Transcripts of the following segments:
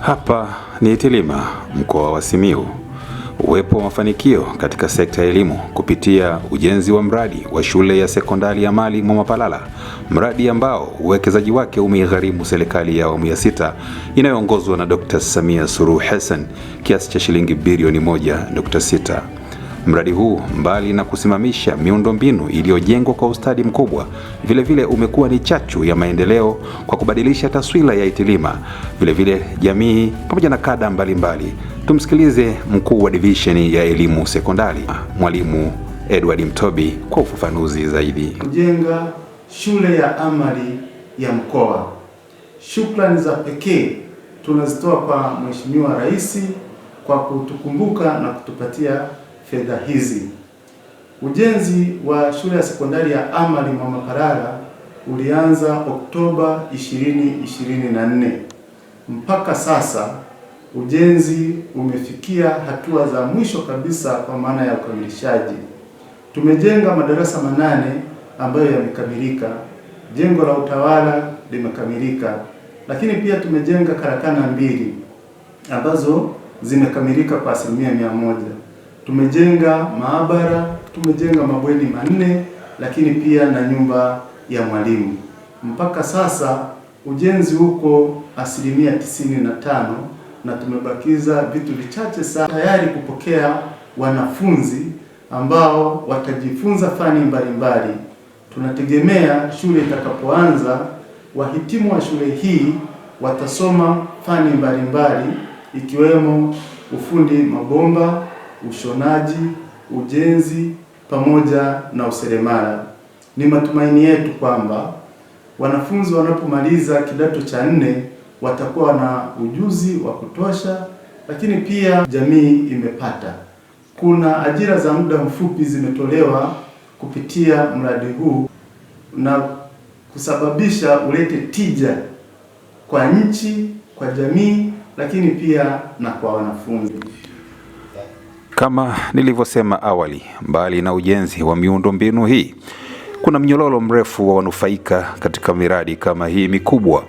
Hapa ni Itilima, mkoa wa Simiyu. Uwepo wa mafanikio katika sekta ya elimu kupitia ujenzi wa mradi wa shule ya sekondari ya Amali Mwamapalala, mradi ambao uwekezaji wake umeigharimu serikali ya awamu ya sita inayoongozwa na Dr. Samia Suluhu Hassan kiasi cha shilingi bilioni 1.6. Mradi huu mbali na kusimamisha miundombinu iliyojengwa kwa ustadi mkubwa, vilevile vile umekuwa ni chachu ya maendeleo kwa kubadilisha taswira ya Itilima, vilevile vile jamii pamoja na kada mbalimbali mbali. Tumsikilize mkuu wa divisheni ya elimu sekondari Mwalimu Edward Mtobi kwa ufafanuzi zaidi. Kujenga shule ya amali ya mkoa, shukrani za pekee tunazitoa kwa Mheshimiwa Rais kwa kutukumbuka na kutupatia fedha hizi. Ujenzi wa shule ya sekondari ya Amali Mwamaparara ulianza Oktoba 2024. Mpaka sasa ujenzi umefikia hatua za mwisho kabisa kwa maana ya ukamilishaji. Tumejenga madarasa manane ambayo yamekamilika, jengo la utawala limekamilika, lakini pia tumejenga karakana mbili ambazo zimekamilika kwa asilimia mia moja tumejenga maabara, tumejenga mabweni manne, lakini pia na nyumba ya mwalimu. Mpaka sasa ujenzi uko asilimia tisini na tano na tumebakiza vitu vichache sana, tayari kupokea wanafunzi ambao watajifunza fani mbalimbali. Tunategemea shule itakapoanza, wahitimu wa shule hii watasoma fani mbalimbali ikiwemo ufundi mabomba ushonaji, ujenzi pamoja na useremala. Ni matumaini yetu kwamba wanafunzi wanapomaliza kidato cha nne watakuwa na ujuzi wa kutosha, lakini pia jamii imepata. Kuna ajira za muda mfupi zimetolewa kupitia mradi huu na kusababisha ulete tija kwa nchi, kwa jamii, lakini pia na kwa wanafunzi. Kama nilivyosema awali, mbali na ujenzi wa miundombinu hii, kuna mnyororo mrefu wa wanufaika katika miradi kama hii mikubwa.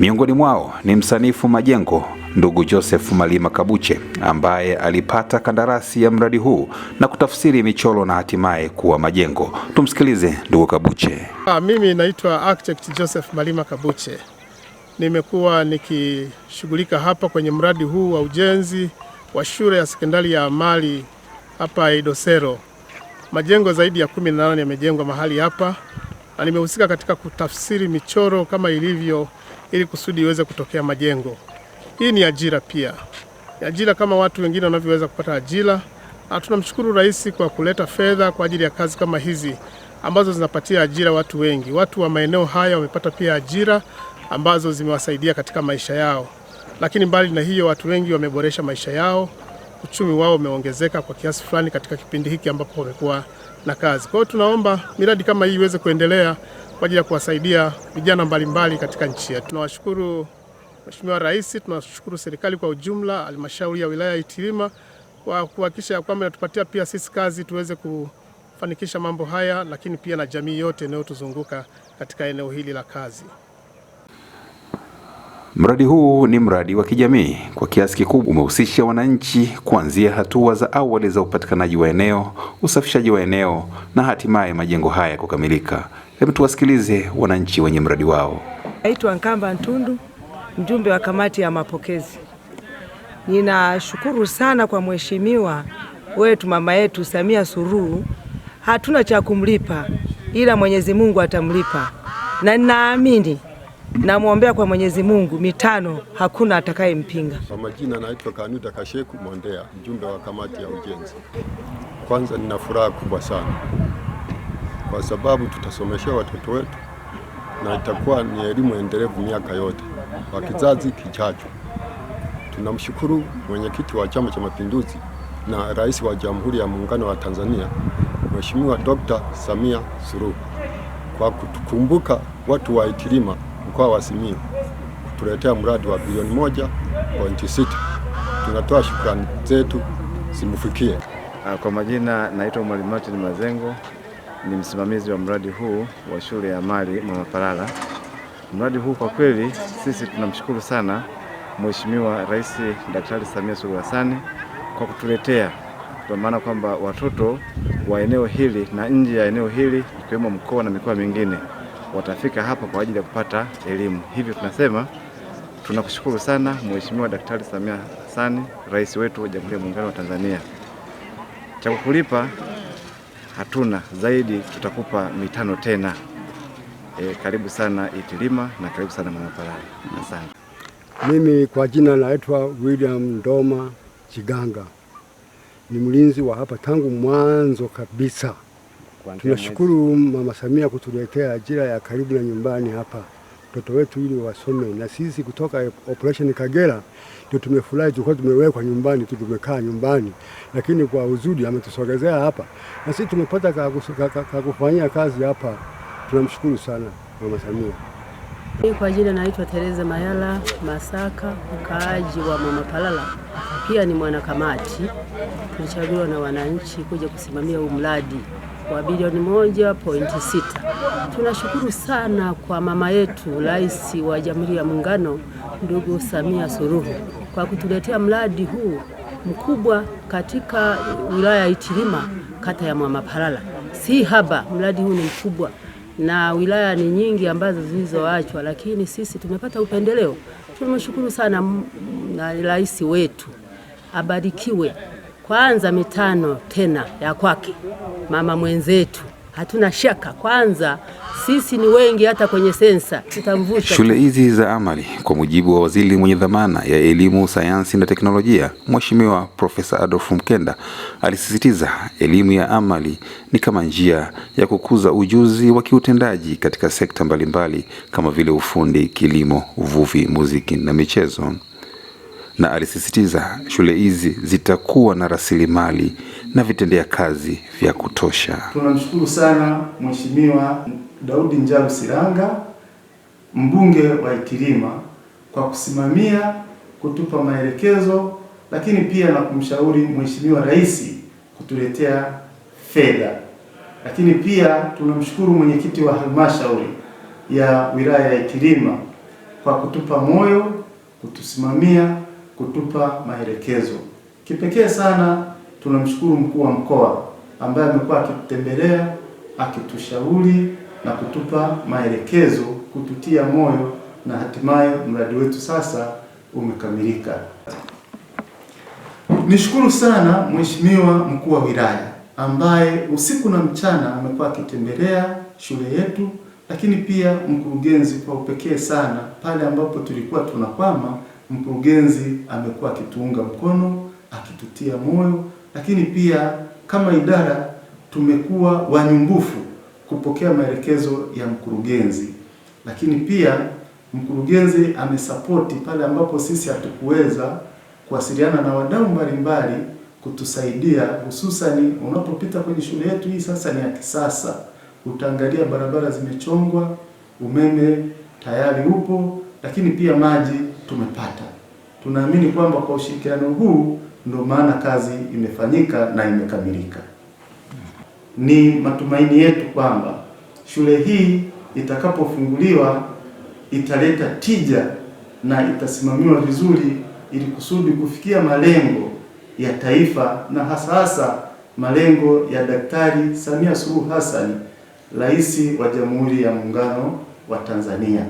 Miongoni mwao ni msanifu majengo ndugu Joseph Malima Kabuche ambaye alipata kandarasi ya mradi huu na kutafsiri michoro na hatimaye kuwa majengo. Tumsikilize ndugu Kabuche. Ha, ah, mimi naitwa architect Joseph Malima Kabuche. Nimekuwa nikishughulika hapa kwenye mradi huu wa ujenzi wa shule ya sekondari ya amali hapa Idosero. Majengo zaidi ya kumi na nane yamejengwa mahali hapa na nimehusika katika kutafsiri michoro kama ilivyo, ili kusudi iweze kutokea majengo. Hii ni ajira pia, ni ajira kama watu wengine wanavyoweza kupata ajira, na tunamshukuru Rais kwa kuleta fedha kwa ajili ya kazi kama hizi ambazo zinapatia ajira watu wengi. Watu wa maeneo haya wamepata pia ajira ambazo zimewasaidia katika maisha yao. Lakini mbali na hiyo, watu wengi wameboresha maisha yao, uchumi wao umeongezeka kwa kiasi fulani katika kipindi hiki ambapo wamekuwa na kazi. Kwa hiyo tunaomba miradi kama hii iweze kuendelea kwa ajili ya kuwasaidia vijana mbalimbali katika nchi yetu. Tunawashukuru Mheshimiwa Rais, tunashukuru serikali kwa ujumla, halmashauri ya wilaya ya Itilima kwa kuhakikisha kwamba inatupatia pia sisi kazi tuweze kufanikisha mambo haya, lakini pia na jamii yote inayotuzunguka katika eneo hili la kazi. Mradi huu ni mradi wa kijamii kwa kiasi kikubwa, umehusisha wananchi kuanzia hatua za awali za upatikanaji wa eneo, usafishaji wa eneo na hatimaye majengo haya kukamilika. Hebu tuwasikilize wananchi wenye mradi wao. Naitwa Nkamba Ntundu, mjumbe wa kamati ya mapokezi. Ninashukuru sana kwa mheshimiwa wetu mama yetu Samia Suluhu. Hatuna cha kumlipa ila Mwenyezi Mungu atamlipa na ninaamini namwombea kwa Mwenyezi Mungu mitano, hakuna atakayempinga. Kwa majina naitwa Kanuta Kasheku Mondea, mjumbe wa kamati ya ujenzi. Kwanza nina furaha kubwa sana kwa sababu tutasomeshea watoto wetu na itakuwa ni elimu endelevu miaka yote kwa kizazi kichacho. Tunamshukuru mwenyekiti wa Chama cha Mapinduzi na Rais wa Jamhuri ya Muungano wa Tanzania Mheshimiwa Dr. Samia Suluhu kwa kutukumbuka watu wa Itilima mkoa wa Simiyu kutuletea mradi wa bilioni moja pointi sita. Tunatoa shukrani zetu zimfikie ah, Kwa majina naitwa Mwalimu Martin Mazengo, ni msimamizi wa mradi huu wa shule ya amali Mama Palala. Mradi huu kwa kweli sisi tunamshukuru sana Mheshimiwa Rais Daktari Samia Suluhu Hassan kwa kutuletea, kwa maana kwamba watoto wa eneo hili na nje ya eneo hili ikiwemo mkoa na mikoa mingine watafika hapa kwa ajili ya kupata elimu. Hivyo tunasema tunakushukuru sana Mheshimiwa Daktari Samia Hassan, rais wetu wa Jamhuri ya Muungano wa Tanzania. Cha kukulipa hatuna zaidi, tutakupa mitano tena. E, karibu sana Itilima na karibu sana mama Palali. Asante. Mimi kwa jina naitwa William Ndoma Chiganga, ni mlinzi wa hapa tangu mwanzo kabisa. Tunashukuru Mama Samia kutuletea ajira ya karibu na nyumbani hapa mtoto wetu ili wasome, na sisi kutoka Operation Kagera ndio tumefurahi. Tulikuwa tumewekwa nyumbani tu, tumekaa nyumbani, lakini kwa uzuri ametusogezea hapa na sisi tumepata kakufanyia kazi hapa. Tunamshukuru sana Mama Samia. Kwa jina naitwa Tereza Mayala Masaka, mkaaji wa Mama Palala, pia ni mwanakamati. Tulichaguliwa na wananchi kuja kusimamia huu mradi wa bilioni moja pointi sita. Tunashukuru sana kwa mama yetu Rais wa Jamhuri ya Muungano ndugu Samia Suluhu kwa kutuletea mradi huu mkubwa katika wilaya ya Itilima kata ya Mwamapalala. Si haba, mradi huu ni mkubwa na wilaya ni nyingi ambazo zilizoachwa, lakini sisi tumepata upendeleo. Tumeshukuru sana na rais wetu, abarikiwe kwanza mitano tena ya kwake mama mwenzetu. Hatuna shaka kwanza, sisi ni wengi, hata kwenye sensa tutamvuta. Shule hizi za amali, kwa mujibu wa waziri mwenye dhamana ya elimu, sayansi na teknolojia, Mheshimiwa Profesa Adolf Mkenda, alisisitiza elimu ya amali ni kama njia ya kukuza ujuzi wa kiutendaji katika sekta mbalimbali mbali, kama vile ufundi, kilimo, uvuvi, muziki na michezo na alisisitiza shule hizi zitakuwa na rasilimali na vitendea kazi vya kutosha. Tunamshukuru sana Mheshimiwa Daudi Njalu Silanga, mbunge wa Itilima kwa kusimamia kutupa maelekezo, lakini pia na kumshauri Mheshimiwa Rais kutuletea fedha. Lakini pia tunamshukuru mwenyekiti wa halmashauri ya wilaya ya Itilima kwa kutupa moyo, kutusimamia kutupa maelekezo. Kipekee sana tunamshukuru mkuu wa mkoa ambaye amekuwa akitutembelea, akitushauri na kutupa maelekezo, kututia moyo na hatimaye mradi wetu sasa umekamilika. Nishukuru sana Mheshimiwa mkuu wa wilaya ambaye usiku na mchana amekuwa akitembelea shule yetu, lakini pia mkurugenzi kwa upekee sana pale ambapo tulikuwa tunakwama mkurugenzi amekuwa akituunga mkono, akitutia moyo, lakini pia kama idara tumekuwa wanyumbufu kupokea maelekezo ya mkurugenzi, lakini pia mkurugenzi amesapoti pale ambapo sisi hatukuweza kuwasiliana na wadau mbalimbali kutusaidia, hususani unapopita kwenye shule yetu hii sasa ni ya kisasa, utaangalia barabara zimechongwa, umeme tayari upo, lakini pia maji tumepata. Tunaamini kwamba kwa ushirikiano huu ndio maana kazi imefanyika na imekamilika. Ni matumaini yetu kwamba shule hii itakapofunguliwa italeta tija na itasimamiwa vizuri ili kusudi kufikia malengo ya taifa na hasa hasa malengo ya Daktari Samia Suluhu Hassan, Rais wa Jamhuri ya Muungano wa Tanzania.